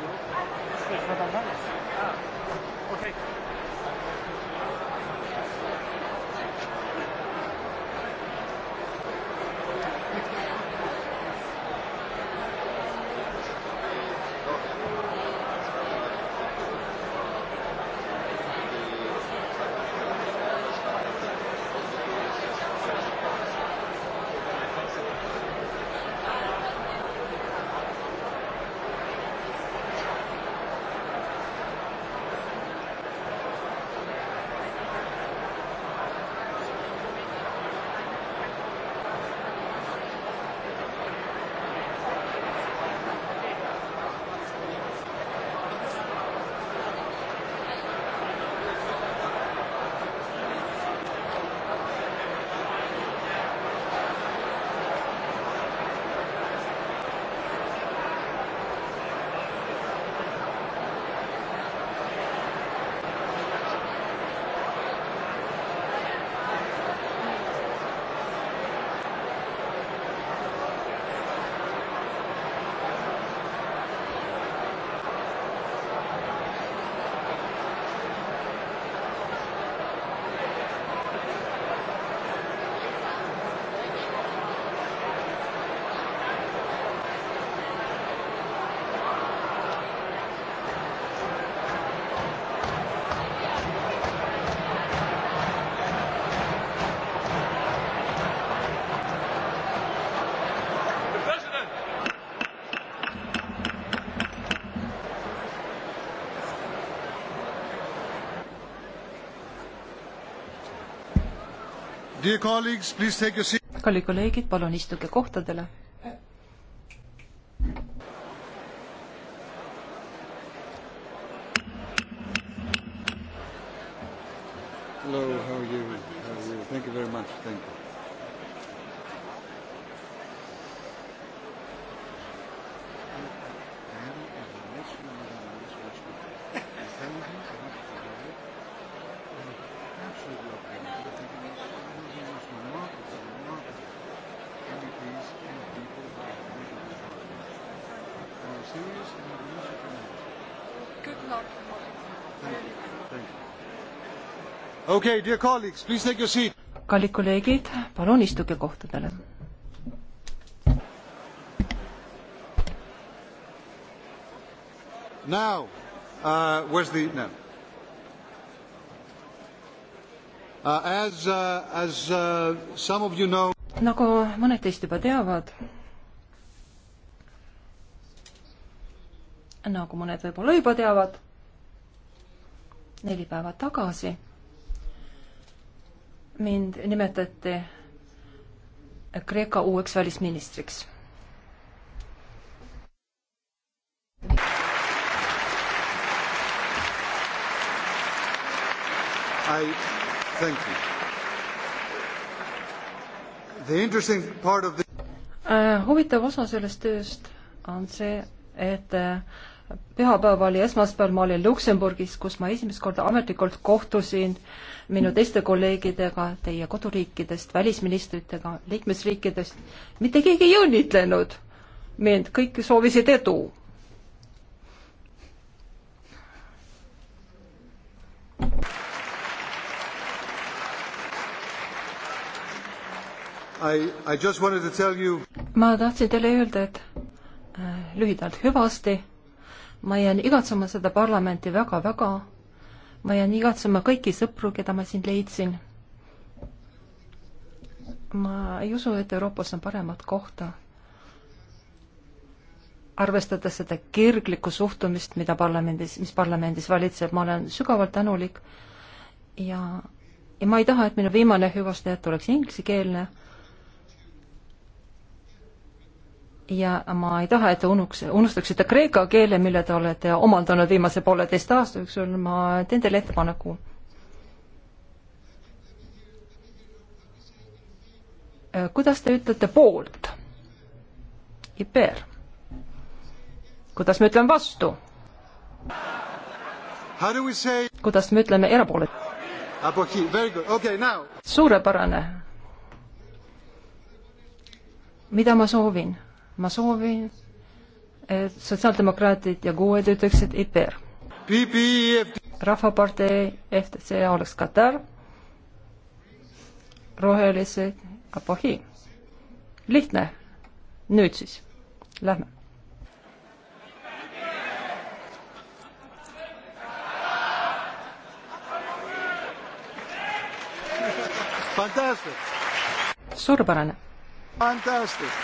Thank ah, you. kallid kolleegid, palun istuge kohtadele. Okay, dear colleagues, please take your seat. kallid kolleegid, palun istuge kohtadele. Now uh,, where's the no.? Uh, as uh,, as uh, some of you know. nagu mõned teist juba teavad nagu mõned võib-olla juba teavad, neli päeva tagasi mind nimetati Kreeka uueks välisministriks I thank you. The interesting part of the äh, huvitav osa sellest tööst on see, et äh, pühapäev oli esmaspäev, ma olin Luksemburgis, kus ma esimest korda ametlikult kohtusin minu teiste kolleegidega teie koduriikidest, välisministritega, liikmesriikidest. mitte keegi ei õnnitlenud mind, kõik soovisid edu. ma tahtsin teile öelda, et äh, lühidalt hüvasti ma jään igatsema seda parlamenti väga-väga, ma jään igatsema kõiki sõpru, keda ma siin leidsin. ma ei usu, et Euroopas on paremat kohta. arvestades seda kirglikku suhtumist, mida parlamendis, mis parlamendis valitseb, ma olen sügavalt tänulik ja, ja ma ei taha, et minu viimane hüvastajat oleks inglisekeelne ja ma ei taha, et te unuks, unustaksite kreeka keele, mille te olete omandanud viimase pooleteist aasta jooksul, ma teen teile ettepaneku. Äh, kuidas te ütlete poolt? Iber. kuidas me ütleme vastu? Say... kuidas me ütleme erapoolet-? Okay, now. suurepärane. mida ma soovin? ma soovin, et sotsiaaldemokraadid ja kuued ütleksid IPR. rahvapartei FTC oleks Katar, rohelised Apohi. lihtne. nüüd siis, lähme. suurepärane. Fantastic.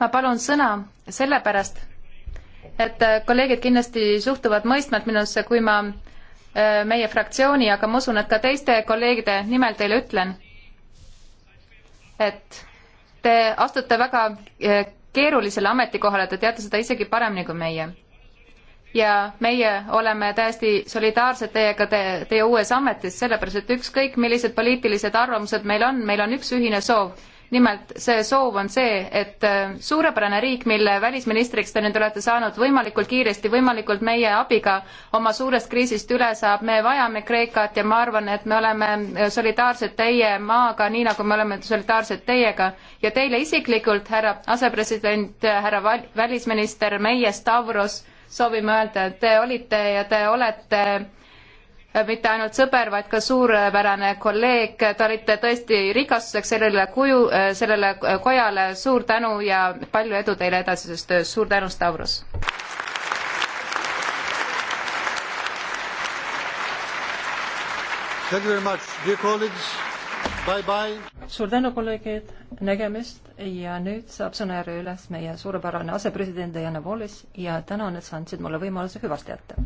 ma palun sõna sellepärast, et äh, kolleegid kindlasti suhtuvad mõistmalt minusse, kui ma äh, meie fraktsiooni, aga ma usun, et ka teiste kolleegide nimel teile ütlen, et te astute väga äh, keerulisele ametikohale, te teate seda isegi paremini kui meie. ja meie oleme täiesti solidaarsed teiega te, teie uues ametis, sellepärast et ükskõik, millised poliitilised arvamused meil on, meil on üks ühine soov nimelt see soov on see, et äh, suurepärane riik, mille välisministriks te nüüd olete saanud, võimalikult kiiresti, võimalikult meie abiga oma suurest kriisist üle saab, me vajame Kreekat ja ma arvan, et me oleme äh, solidaarsed teie maaga, nii nagu me oleme solidaarsed teiega. ja teile isiklikult, härra asepresident, äh, härra val-, välisminister, meie Stavros, soovime öelda, et te olite ja te olete Äh, mitte ainult sõber, vaid ka suurepärane kolleeg, te olite tõesti rikastuseks sellele kuju, äh, sellele kojale, suur tänu ja palju edu teile edasises töös, suur tänu, Stavros! suur tänu, kolleegid, nägemist ja nüüd saab sõna järje üles meie suurepärane asepresident Diana Wallis ja tänan, et sa andsid mulle võimaluse hüvasti jätta